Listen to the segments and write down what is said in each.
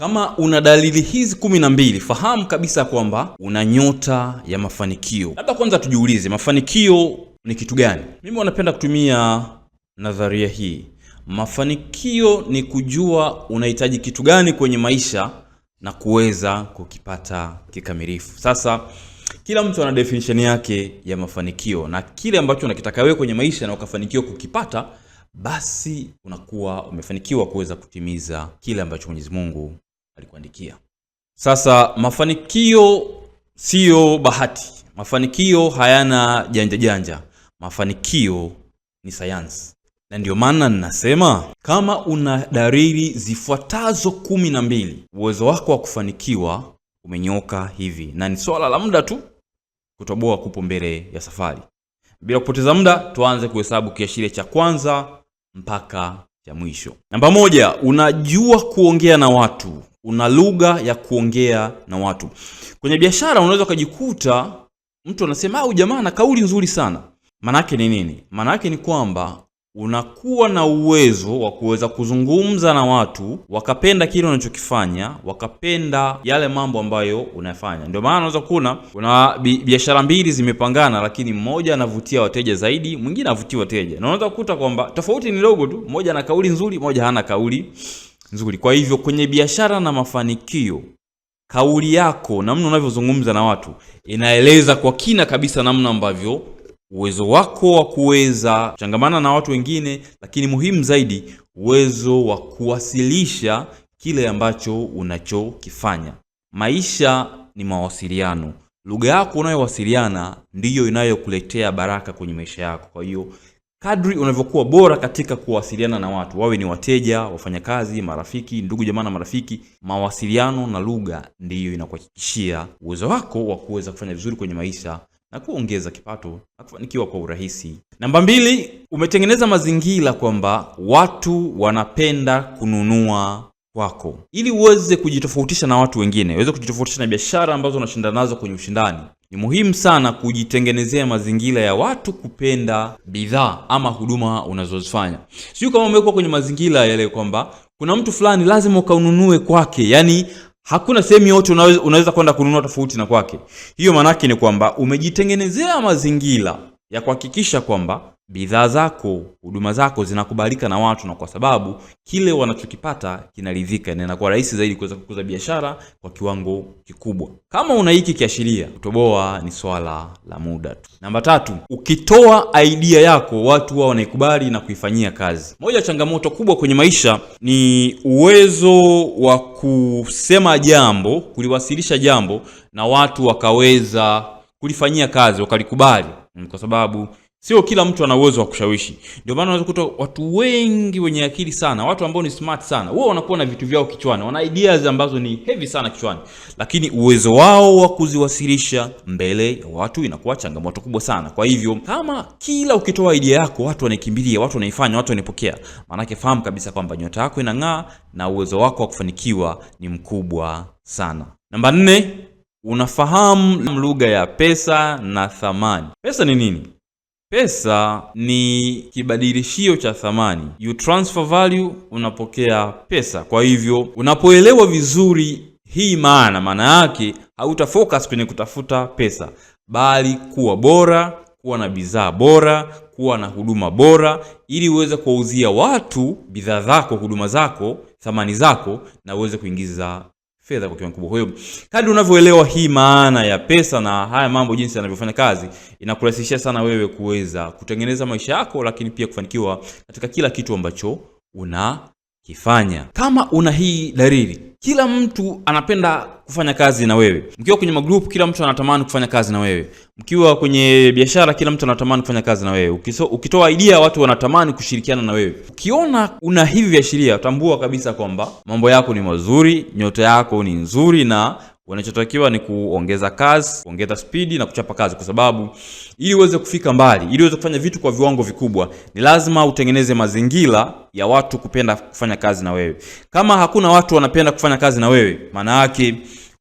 Kama una dalili hizi kumi na mbili, fahamu kabisa kwamba una nyota ya mafanikio. Labda kwanza tujiulize mafanikio ni kitu gani? Mimi wanapenda kutumia nadharia hii. Mafanikio ni kujua unahitaji kitu gani kwenye maisha na kuweza kukipata kikamilifu. Sasa kila mtu ana definition yake ya mafanikio, na kile ambacho unakitaka wewe kwenye maisha na ukafanikiwa kukipata, basi unakuwa umefanikiwa kuweza kutimiza kile ambacho Mwenyezi Mungu alikuandikia. Sasa mafanikio siyo bahati, mafanikio hayana janja janja, mafanikio ni sayansi. Na ndiyo maana ninasema kama una dalili zifuatazo kumi na mbili, uwezo wako wa kufanikiwa umenyoka hivi, na ni swala la muda tu kutoboa kupo mbele ya safari. Bila kupoteza muda, tuanze kuhesabu kiashiria cha kwanza mpaka ya mwisho. Namba moja, unajua kuongea na watu, una lugha ya kuongea na watu. Kwenye biashara unaweza ukajikuta mtu anasema au ah, jamaa ana kauli nzuri sana. Maanake ni nini? yake ni kwamba unakuwa na uwezo wa kuweza kuzungumza na watu wakapenda kile unachokifanya, wakapenda yale mambo ambayo unayafanya. Ndio maana unaweza kuna kuna biashara mbili zimepangana, lakini mmoja anavutia wateja zaidi, mwingine avutia wateja, na unaweza kukuta kwamba tofauti ni ndogo tu, mmoja ana kauli nzuri, mmoja hana kauli nzuri. Kwa hivyo kwenye biashara na mafanikio kauli yako, namna unavyozungumza na watu, inaeleza kwa kina kabisa namna ambavyo uwezo wako wa kuweza changamana na watu wengine, lakini muhimu zaidi, uwezo wa kuwasilisha kile ambacho unachokifanya. Maisha ni mawasiliano. Lugha yako unayowasiliana ndiyo inayokuletea baraka kwenye maisha yako. Kwa hiyo kadri unavyokuwa bora katika kuwasiliana na watu, wawe ni wateja, wafanyakazi, marafiki, ndugu jamaa na marafiki, mawasiliano na lugha ndiyo inakuhakikishia uwezo wako wa kuweza kufanya vizuri kwenye maisha na kuongeza kipato na kufanikiwa kwa urahisi. Namba mbili, umetengeneza mazingira kwamba watu wanapenda kununua kwako, ili uweze kujitofautisha na watu wengine, uweze kujitofautisha na biashara ambazo unashindana nazo kwenye ushindani. Ni muhimu sana kujitengenezea mazingira ya watu kupenda bidhaa ama huduma unazozifanya. Sio kama umekuwa kwenye mazingira yale kwamba kuna mtu fulani lazima ukaununue kwake, yani Hakuna sehemu yote unaweza, kwenda kununua tofauti na kwake. Hiyo maanake ni kwamba umejitengenezea mazingira ya kuhakikisha kwamba bidhaa zako, huduma zako zinakubalika na watu, na kwa sababu kile wanachokipata kinaridhika, na inakuwa rahisi zaidi kuweza kukuza biashara kwa kiwango kikubwa. Kama una hiki kiashiria, kutoboa ni swala la muda tu. Namba tatu, ukitoa idea yako watu wao wanaikubali na kuifanyia kazi. Moja ya changamoto kubwa kwenye maisha ni uwezo wa kusema jambo, kuliwasilisha jambo na watu wakaweza kulifanyia kazi, wakalikubali, kwa sababu Sio kila mtu ana uwezo wa kushawishi. Ndio maana unaweza kuta watu wengi wenye akili sana, watu ambao ni smart sana, wao wanakuwa na vitu vyao kichwani, wana ideas ambazo ni heavy sana kichwani, lakini uwezo wao wa kuziwasilisha mbele ya watu inakuwa changamoto kubwa sana. Kwa hivyo, kama kila ukitoa idea yako watu wanaikimbilia, watu wanaifanya, watu wanaipokea, maanake fahamu kabisa kwamba nyota yako inang'aa na uwezo wako wa kufanikiwa ni mkubwa sana. Namba nne, unafahamu lugha ya pesa na thamani. Pesa ni nini? Pesa ni kibadilishio cha thamani. You transfer value, unapokea pesa. Kwa hivyo unapoelewa vizuri hii maana, maana yake hautafocus kwenye kutafuta pesa, bali kuwa bora, kuwa na bidhaa bora, kuwa na huduma bora, ili uweze kuwauzia watu bidhaa zako, huduma zako, thamani zako, na uweze kuingiza fedha kwa kiwango kikubwa. Kwa hiyo kadri unavyoelewa hii maana ya pesa na haya mambo jinsi yanavyofanya kazi, inakurahisishia sana wewe kuweza kutengeneza maisha yako, lakini pia kufanikiwa katika kila kitu ambacho una kifanya. Kama una hii dalili, kila mtu anapenda kufanya kazi na wewe. Mkiwa kwenye magrupu, kila mtu anatamani kufanya kazi na wewe. Mkiwa kwenye biashara, kila mtu anatamani kufanya kazi na wewe. Ukiso, ukitoa idea, watu wanatamani kushirikiana na wewe. Ukiona una hivi viashiria, tambua kabisa kwamba mambo yako ni mazuri, nyota yako ni nzuri na Wanachotakiwa ni kuongeza kazi, kuongeza spidi na kuchapa kazi, kwa sababu ili uweze kufika mbali, ili uweze kufanya vitu kwa viwango vikubwa, ni lazima utengeneze mazingira ya watu kupenda kufanya kazi na wewe. Kama hakuna watu wanapenda kufanya kazi na wewe, maana yake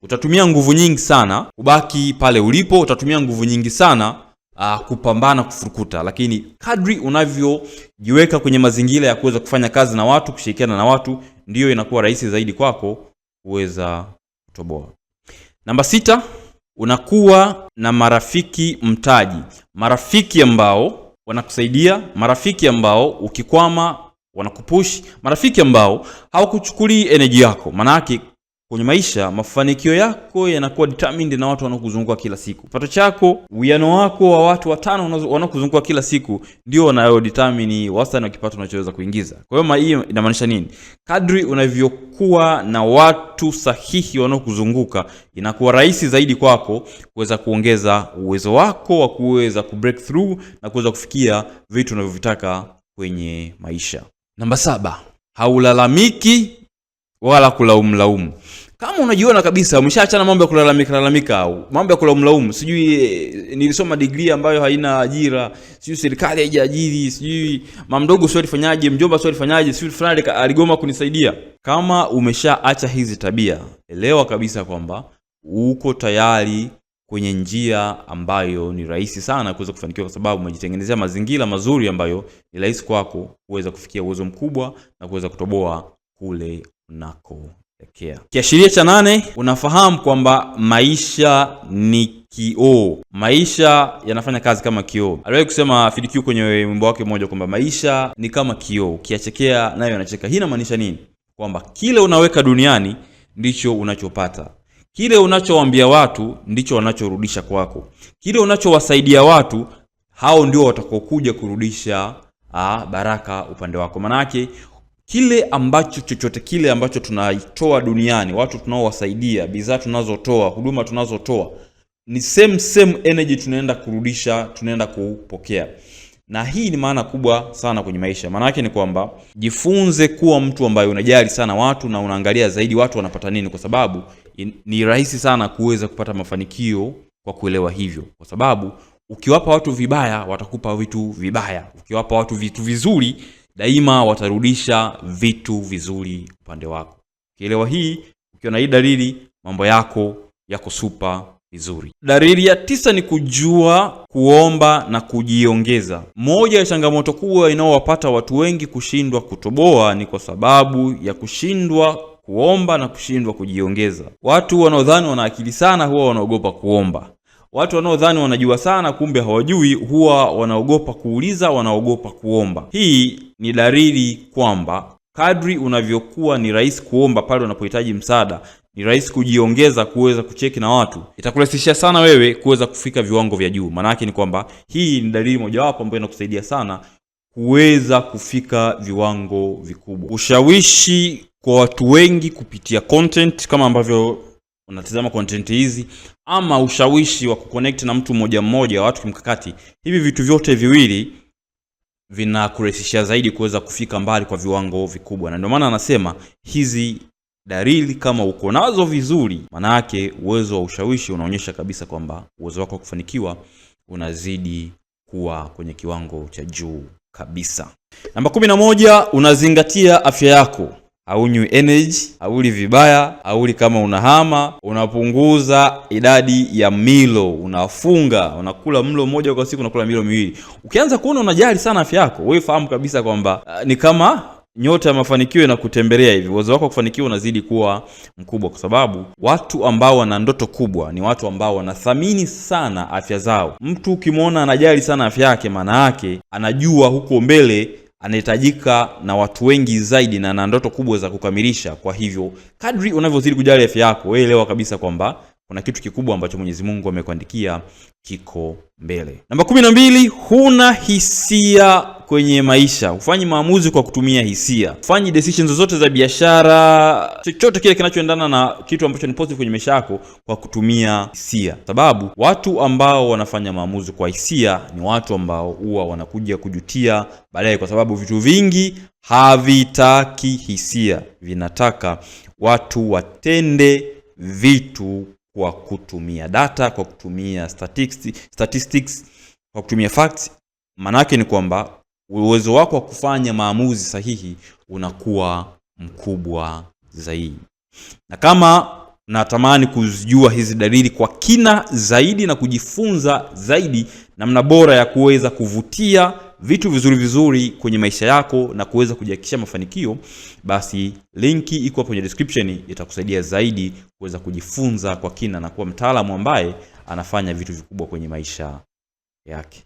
utatumia nguvu nyingi sana kubaki pale ulipo, utatumia nguvu nyingi sana Uh, kupambana kufurukuta, lakini kadri unavyojiweka kwenye mazingira ya kuweza kufanya kazi na watu, kushirikiana na watu, ndiyo inakuwa rahisi zaidi kwako kuweza kutoboa. Namba sita, unakuwa na marafiki mtaji, marafiki ambao wanakusaidia, marafiki ambao ukikwama wanakupush, marafiki ambao hawakuchukulii energy yako. Maana yake Kwenye maisha mafanikio yako yanakuwa determined na watu wanaokuzunguka kila siku. Kipato chako, uwiano wako wa watu watano wanaokuzunguka kila siku ndio wanayodetermine wastani wa kipato unachoweza kuingiza. Kwa hiyo hii inamaanisha nini? Kadri unavyokuwa na watu sahihi wanaokuzunguka, inakuwa rahisi zaidi kwako kuweza kuongeza uwezo wako wa kuweza kubreak through na kuweza kufikia vitu unavyovitaka kwenye maisha. Namba saba, haulalamiki wala kulaumlaumu. Kama unajiona kabisa umeshaachana mambo ya kulalamika lalamika, au mambo ya kulaumlaumu, sijui eh, nilisoma digrii ambayo haina ajira, sijui serikali haijaajiri, sijui mamdogo sio alifanyaje, mjomba sio alifanyaje, sijui fulani aligoma kunisaidia. Kama umeshaacha hizi tabia, elewa kabisa kwamba uko tayari kwenye njia ambayo ni rahisi sana kuweza kufanikiwa, kwa sababu umejitengenezea mazingira mazuri ambayo ni rahisi kwako kuweza kufikia uwezo mkubwa na kuweza kutoboa kule unakoelekea. Kiashiria cha nane, unafahamu kwamba maisha ni kioo. Maisha yanafanya kazi kama kioo. Aliwahi kusema fidikiu kwenye wimbo wake mmoja kwamba maisha ni kama kioo, ukiachekea nayo yanacheka. Hii inamaanisha nini? Kwamba kile unaweka duniani ndicho unachopata. Kile unachowaambia watu ndicho wanachorudisha kwako. Kile unachowasaidia watu, hao ndio watakokuja kurudisha a, ah, baraka upande wako. Manake kile ambacho chochote kile ambacho tunaitoa duniani, watu tunaowasaidia, bidhaa tunazotoa, huduma tunazotoa, ni same same energy tunaenda kurudisha, tunaenda kupokea. Na hii ni maana kubwa sana kwenye maisha. Maana yake ni kwamba jifunze kuwa mtu ambaye unajali sana watu na unaangalia zaidi watu wanapata nini, kwa sababu ni rahisi sana kuweza kupata mafanikio kwa kuelewa hivyo, kwa sababu ukiwapa watu vibaya watakupa vitu vibaya, ukiwapa watu vitu vizuri daima watarudisha vitu vizuri upande wako. Ukielewa hii, ukiwa na hii dalili, mambo yako yako supa vizuri. Dalili ya tisa ni kujua kuomba na kujiongeza. Moja ya changamoto kubwa inayowapata watu wengi kushindwa kutoboa ni kwa sababu ya kushindwa kuomba na kushindwa kujiongeza. Watu wanaodhani wana akili sana huwa wanaogopa kuomba. Watu wanaodhani wanajua sana, kumbe hawajui, huwa wanaogopa kuuliza, wanaogopa kuomba. Hii ni dalili kwamba kadri unavyokuwa ni rahisi kuomba pale unapohitaji msaada, ni rahisi kujiongeza kuweza kucheki na watu, itakurahisishia sana wewe kuweza kufika viwango vya juu. Maana yake ni kwamba hii ni dalili mojawapo ambayo inakusaidia sana kuweza kufika viwango vikubwa. Ushawishi kwa watu wengi kupitia content kama ambavyo unatizama content hizi ama ushawishi wa kuconnect na mtu mmoja mmoja watu kimkakati, hivi vitu vyote viwili vinakurahisishia zaidi kuweza kufika mbali kwa viwango vikubwa, na ndio maana anasema hizi dalili kama uko nazo vizuri, maana yake uwezo wa ushawishi unaonyesha kabisa kwamba uwezo wako wa kufanikiwa unazidi kuwa kwenye kiwango cha juu kabisa. Namba kumi na moja, unazingatia afya yako haunywi energy, hauli vibaya, hauli kama unahama, unapunguza idadi ya milo, unafunga, unakula mlo mmoja kwa siku, unakula milo miwili. Ukianza kuona unajali sana afya yako, wewe fahamu kabisa kwamba uh, ni kama nyota ya mafanikio inakutembelea hivi. Uwezo wako wa kufanikiwa unazidi kuwa mkubwa, kwa sababu watu ambao wana ndoto kubwa ni watu ambao wanathamini sana afya zao. Mtu ukimwona anajali sana afya yake, maana yake anajua huko mbele anahitajika na watu wengi zaidi na ana ndoto kubwa za kukamilisha. Kwa hivyo kadri unavyozidi kujali afya yako, wewe elewa kabisa kwamba kuna kitu kikubwa ambacho Mwenyezi Mungu amekuandikia kiko mbele. Namba kumi na mbili, huna hisia kwenye maisha, hufanyi maamuzi kwa kutumia hisia, hufanyi decisions zozote za biashara, chochote kile kinachoendana na kitu ambacho ni positive kwenye maisha yako kwa kutumia hisia, sababu watu ambao wanafanya maamuzi kwa hisia ni watu ambao huwa wanakuja kujutia baadaye, kwa sababu vitu vingi havitaki hisia, vinataka watu watende vitu kwa kutumia data, kwa kutumia statistics, statistics, kwa kutumia facts. Maanake ni kwamba uwezo wako wa kufanya maamuzi sahihi unakuwa mkubwa zaidi. Na kama natamani kuzijua hizi dalili kwa kina zaidi na kujifunza zaidi namna bora ya kuweza kuvutia vitu vizuri vizuri kwenye maisha yako na kuweza kujihakikisha mafanikio, basi linki iko hapo kwenye description, itakusaidia zaidi kuweza kujifunza kwa kina na kuwa mtaalamu ambaye anafanya vitu vikubwa kwenye maisha yake.